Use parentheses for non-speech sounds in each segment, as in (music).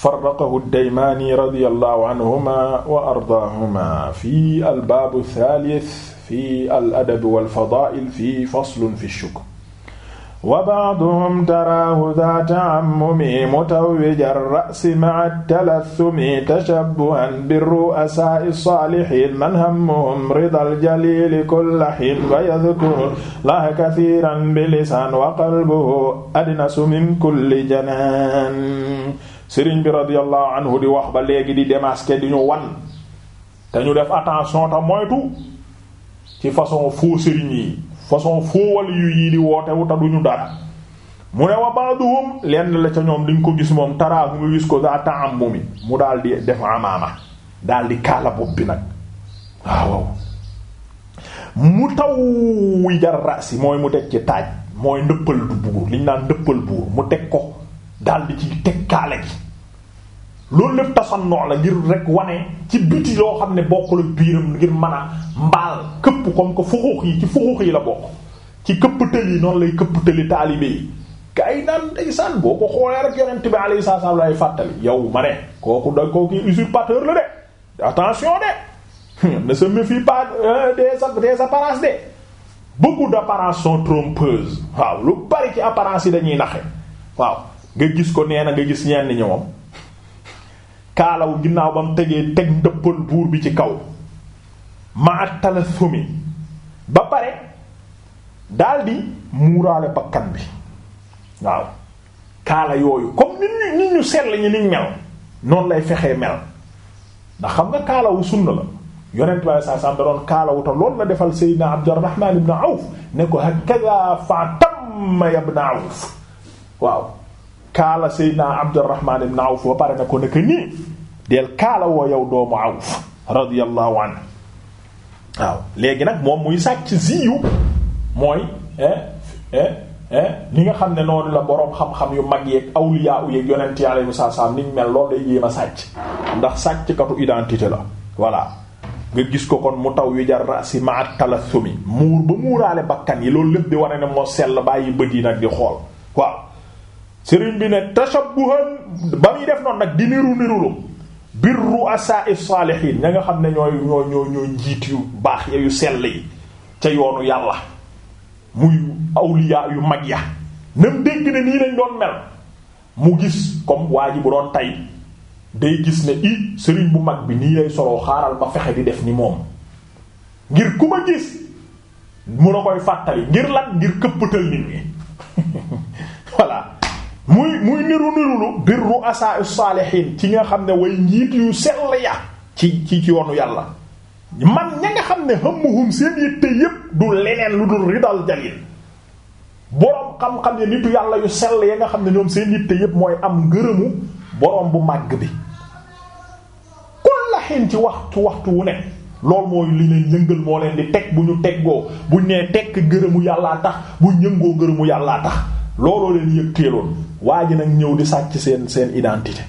farraqahu daymaani radiyallahu anhuma wa ardaahuma fi albaabu thalith fi al adab wal fadaa'il fi faslun fi shukr wa ba'duhum taraahu dhaata ammumi mutawwija ar-ra'si ma'a at-talaththumi tashabbuhan bir-ru'asaa'i as-saalihiin man hammuhum ridaa al-jaliili kulla hiin wa yadhkuru Allaha kathiiran bi lisaan wa qalbuhu adnasu min kulli janaan sëriñ bi radiyallahu anhu di wax ba léegi di démasquer di ñu wan te ñu def attention te moytu ci façon faux sëriñ yi façon faux wal yu yii di woote te duñu dara mu ne wa ba'duhum lenn la ca ñoom di ko gis moom taraahu mu gis ko daa ta'ammumi mu daal def amaama daal di kaala bi nag mu taw wi jar mooy mu teg ci taaj mooy ndëppal buur liñ naan ndëppal buur mu teg ko daal ci teg kaala gi loolu lépp tasannoo la ngir rek wane ci biti loo xam ne bokkul ak biiram ngir mën a mbaal këpp comme que fuxuux yi ci fuxuux yi la bokk ci këpp tël yi noonu lay këpp tëli taalibe yi ga yi naan ndeysaan boo ko xoolee rek yonent bi alayhi salaam lay fàttali yow ma ne kooku da kooku usurpateur la de attention de (laughs) ne se méfie pas euh, des des apparences de beaucoup d'apparences sont trompeuses waaw lu bari ci apparence yi dañuy naxe waaw nga gis ko nee na nga gis ñenn ñi moom kaalawu ginnaaw ba mu tegee teg ndëppal buur bi ci kaw ma ak talasumi ba pare daldi muuraale bakkan bi waaw kaala yooyu comme nit ñu nit ñu sell ñi mel noonu lay fexee mel ndax xam nga kaalawu sunna la yonent bi saa saa da doon kaalawu loolu la defal Seydina Abdurrahman ibn Awf ne ko hakaza fa tamma ibn Awf waaw kaala seydna abdurrahman ibn awf ba pare na ko nekk nii del kaala woo yow doomu awf radiyallahu an waaw léegi nag moom muy sàcc ziyu mooy li eh, eh, eh, nga xam ne noonu la boroom xam-xam yu mag yeeg awliya yeeg yonent yi alayhi saa niñ mel loolu day yéem a sàcc ndax sàcckatu identité la voilà nga gis ko kon mu taw yu jar si ma at talassumi muur ba muuraale bakkan yi loolu lépp di wane ne moo sell bàyyi bët yi nag di xool waaw sëriñ bi ne tashabbuhan ba muy def noonu nag di niru nirulu bir ru'asa'i salihin ña nga xam ne ñooy ñoo ñoo ñoo njiit yu baax ya yu sell yi ca yoonu yàlla muy awliya yu mag ya nam dégg ne nii lañ doon mel mu gis comme waa ji bu doon tay day gis ne i sëriñ bu mag bi nii lay soloo xaaral ba fexe di def ni moom ngir ku ma gis mu la koy fàttali ngir lan ngir këppatal nit ñi (laughs) voilà muy muy niru nirulu bir ru'asa as-salihin ci nga xam ne way njiit yu sell ya ci ci ci yoonu yàlla man ña nga xam ne hëmmuhum seen yitte yépp du leneen lu dul ridal jalil boroom xam-xam ne nitu yàlla yu sell ya nga xam ne ñoom seen yitte yépp mooy am ngërëmu boroom bu màgg bi kulla hin ci waxtu waxtu wu ne loolu mooy li leen yëngal moo leen di teg bu ñu teggoo buñ nee tekk ngërëmu yàllaa tax buñ yëngoo ngërëmu yàlla tax looloo leen yëgteeloon waa ji nag ñëw di sàcc seen seen identité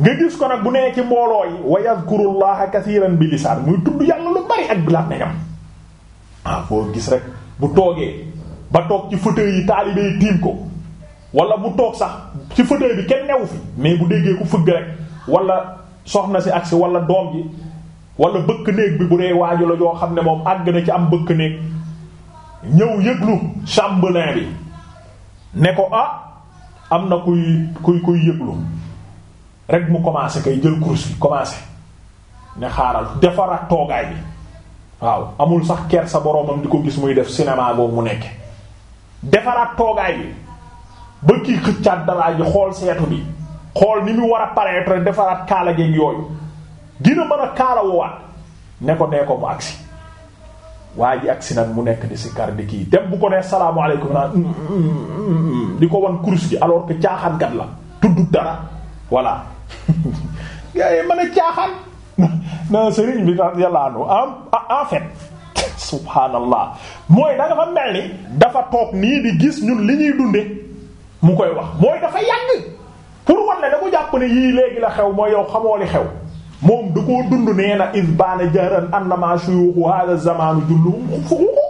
nga gis ko nag bu nee ci mbooloo yi wa yadhkurullaha kasiiran bi lisaan muy tudd yàlla lu bari ak bilaat nañam waaw foo gis rek bu toogee ba toog ci fauteuil yi taalibe yi tiim ko walla bu toog sax ci fauteuil bi kenn newu fi mais bu déggee ku fëgg rek wala soxna si agsi walla doom ji wala bëkk néeg bi bu dee waaju la yoo xam ne moom àgg na ci am bëkk néeg ñëw yëglu chambellan bi ne ko ah am na kuy kuy kuy yëglu rek mu commencé kay jël course bi commencé ne xaaral defaraat toogaay bi waaw amul sax ker sa boromam di ko gis muy def cinéma boobu mu nekk defaraat toogaay bi ba kii xëccaat dalaa ji xool seetu bi xool ni mu war a paraître defaraat kaala geeg yooyu dina mën a kaala waat ne ko nee ko bu agsi waa ji si nag mu nekk di si kar di kii dem bu ko nee salaamaaleykum naa mm, mm, mm, di ko wan kurus gi alors que caaxaan kat la tudd dara voilà (laughs) gars yi mën a caaxaan (laughs) na sëriñ bi tax yàlla anu en fait (laughs) subhaanallah mooy da fa mel ni dafa toog nii di gis ñun li ñuy dunde mu koy wax mooy dafa yàgg pour wan ne da ko jàpp ne yii léegi la xew mooy yow xamoo li xew moom da koo dund nee na isbaana jahran annama shuyukhu hadha zamanu julluhum fuqu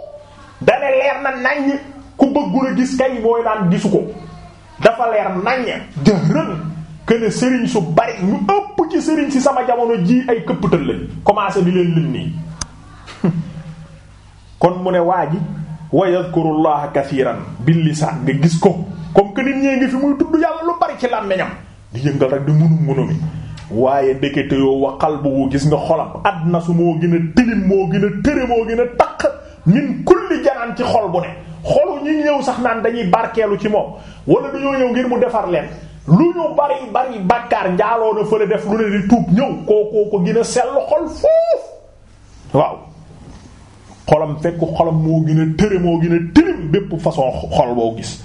dane leer na naññ ku bëggul a gis kay mooy naan gisu ko dafa leer naññ jahran kene sëriñ su bari ñu ëpp ci sëriñ si sama jamono ji ay këpptal lañ commencé di leen lim nii kon mu ne waa ji wa yadhkurullaha kathiran bil lisaan nga gis ko comme que nit ñee ngi fi muy tudd yàlla lu bari ci làmmiñam di yëngal rek di munum munumi waaye ndekete yoo wa qalbuhu gis nga xolam adna su moo gën a tilim moo gën a tëre moo gën a taq min kulli janaan ci xol bu ne xolu ñi ñëw sax naan dañuy barkeelu ci moom wala dañoo ñëw ngir mu defar leen lu ñu bari bari bàkkaar njaaloo fële def lu ne di tuub ñëw kookoo ko gën a sell xol foofu waaw xolam fekk xolam moo gën a tëre moo gën a tilim bépp façon xol boo gis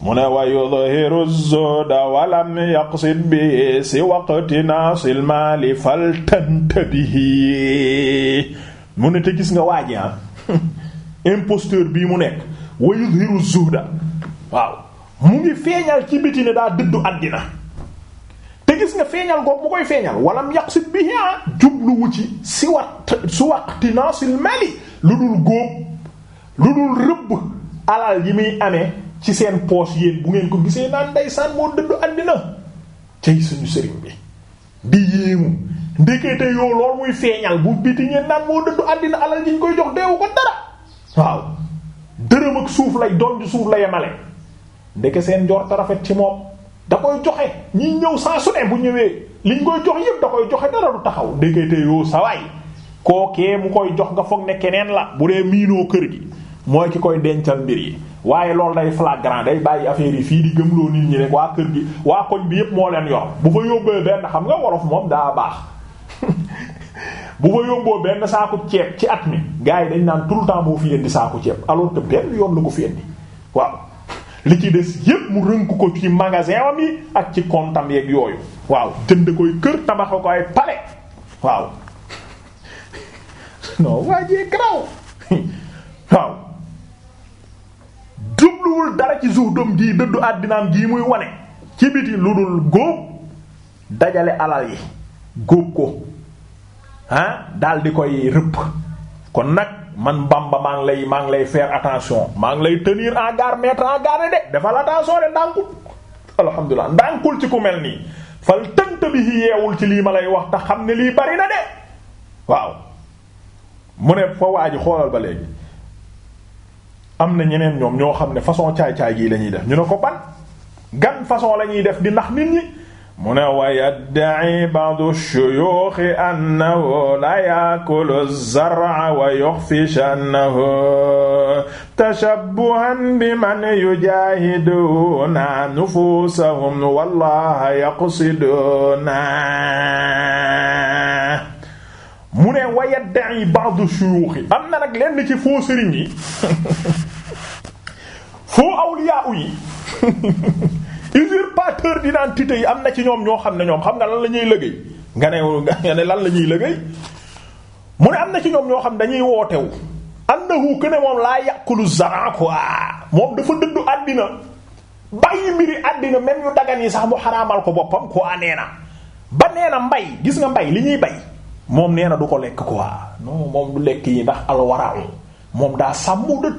mu ne wa yudhiru zuhda walam yaqsid bi si waqti naasil maali fal tantabihi mu ne te gis nga waaji ah (laughs) imposteur bii mu nekk wa yudhiru zuhda waaw mu ngi feeñal ci biti ne daa dëddu àddina te gis nga feeñal googu mu koy feeñal walam yaqsid bihi ah, jubluwu ci si wat si waqti naasil maali lu dul góob lu dul rëbb alal yi muy ame ci seen poche yéen bu ngeen ko gisee naan ndeysaan moo dëddu àddina cay suñu sëriñ bi di yéemu ndekete yoo lool muy feeñal bu biti ngeen naan moo dëddu àddina alal ji ñu koy jox deewu ko dara waaw dërëm ak suuf lay doon suuf la yemale ndeke seen njorta rafet ci moom da koy joxe ñi ñëw saa su ne bu ñëwee liñ koy jox yépp da koy joxe dara du taxaw ndekete yoo sawaay kookee mu koy jox nga foog ne keneen la bu dee miinoo kër gi mooy ki koy dencal mbir yi waaye loolu day flagrant day bàyyi affaire yi fii di gëmloo nit ñi rek waa kër gi waa koñ bi yépp moo leen yor bu fa yóbbee benn xam nga wolof moom daa baax (laughs) bu fa yóbboo benn saaku ceeb ci at mi gars yi dañ naan tout le temps moo fi indi saaku ceeb alors que benn yoon la ko fi indi waaw li ci des yépp mu rënk ko ci magasin am yi ak ci kontam yeeg yooyu waaw jënd koy kër tabax ko ay palais waaw (laughs) non waajee graw (laughs) dara ci zuhdum gii dëddu àddinaam gii muy wane ci biti lu dul góob dajale alal yi góob ko ah daal di koy rëpp kon nag man Bamba maa ngi lay maa ngi lay faire attention maa ngi lay tenir en garde mettre en garde de defal attention de ndànkul alhamdulilah ndànkul ci ku mel nii fal tënt bi yeewul ci lii ma lay wax te xam ne lii bari na de waaw mu ne fa waa ji xoolal ba léegi am na ñeneen ñoom ñoo xam ne façon caay-caay gii la ñuy def ñu ne ko ban gan façon la ñuy def di ndax nit ñi mu ne wa yadda'i ba'du shuyukhi annahu la ya'kulu zar'a wa yukhfi sha'nahu tashabbuhan biman yujahiduna nufusahum wallaha yaqsiduna mu ne wa yadda'i ba'du shuyukhi am na nag lenn ci faux sëriñ yi (laughs) faux awliya yi (laughs) usurpateur d'identité yi am na ci ñoom ñoo xam ne ñoom xam nga lan la ñuy liggéey nga ne nga ne lan la ñuy liggéey mu ne am na ci ñoom ñoo xam dañuy wootewu na que ne moom laa yàqulu zara quoi moom dafa dëddu àddina bàyyi mbiri àddina même yu dagan yi sax mu xaraamal ko boppam quoi nee na ba nee na mbay gis nga mbay li ñuy bay moom nee na du ko lekk ko non moom du lekk yi ndax alwaraaw moom daa sàmm de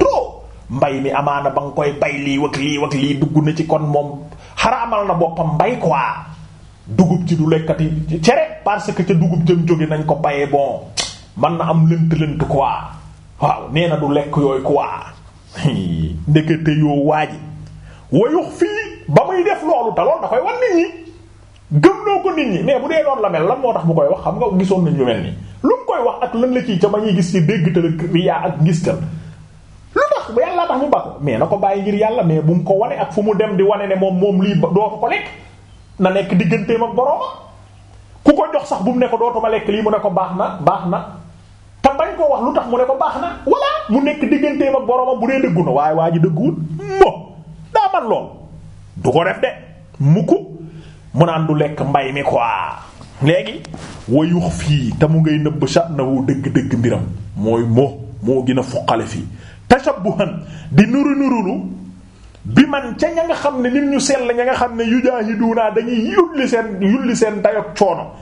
mbay mi amaana ba nga koy bay lii wak lii wak lii dugg na ci kon moom xaraamal na boppam mbay quoi dugub ci du lekkati cere parce que ca dugub jëm jóge nañ ko bayee bon man na am lënt-lënt quoi waaw nee na du lekk yooyu quoi (laughs) ndekete yoo waaji wayux fii ba muy def loolu te loolu da koy wan nit ñi gëm noo ko nit ñi mais bu dee doon la mel lan moo tax mu koy wax xam nga gisoon nañ ñu mel ni lu mu koy wax ak lan la ci ca ma ñuy gis ci dégg te riyaa ak ngistal tax ba yàlla tax mu ba mais na ko bàyyi ngir yàlla mais bu mu ko wane ak fu mu dem di wane ne moom moom lii doo ko lekk na nekk digganteem ak borooma ku ko jox sax bu mu ne ko dootuma lekk lii mu ne ko baax na baax na te bañ koo wax lu tax mu ne ko baax na walla mu nekk digganteem ak borooma bu dee dëggu na waaye waa ji dëgguwul mo daa lool du ko def de mukk mu naan du lekk mbay mi quoi léegi wayux fii te mu ngay nëbb sat na wu dëgg-dëgg mbiram mooy moo moo gën fuqale fii tashabbuhan di nuru nurulu bi man ca ña nga xam ne nit ñu sell ña nga xam ne naa dañuy yulli seen yulli seen dayok coono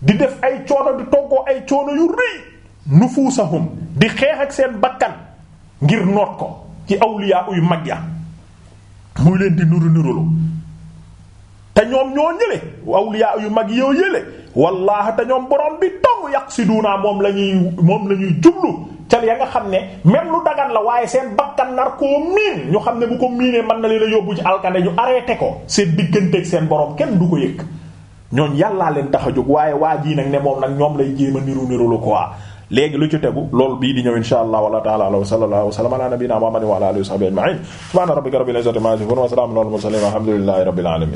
di def ay coono di toggoo ay coono yu rëy nufuusahum di xeex ak seen bakkan ngir noot ko ci awliya yu mag ya muy leen di nuru nurulu te ñoom ñoo ñële awliya yu mag yoo yële wallaahi te ñoom borom bi dong yàq si duunaa moom la ñuy moom la ñuy jublu ca ya nga xam ne même lu dagan la waaye seen bakkan nar koo miin ñu xam ne bu ko miinee mën na leen a yóbbu ci alkande ñu arrêté ko seen digganteeg seen borom kenn du ko yëg. ñooñ yàllaa leen tax a jóg waaye waa jii nag ne moom nag ñoom lay jéem a niru niru lu quoi léegi lu ci tegu loolu bii di ñëw insha allah wala taala wa sallallahu wa sallama ala nabiyyina muhammadin wa ala alihi wa sahbihi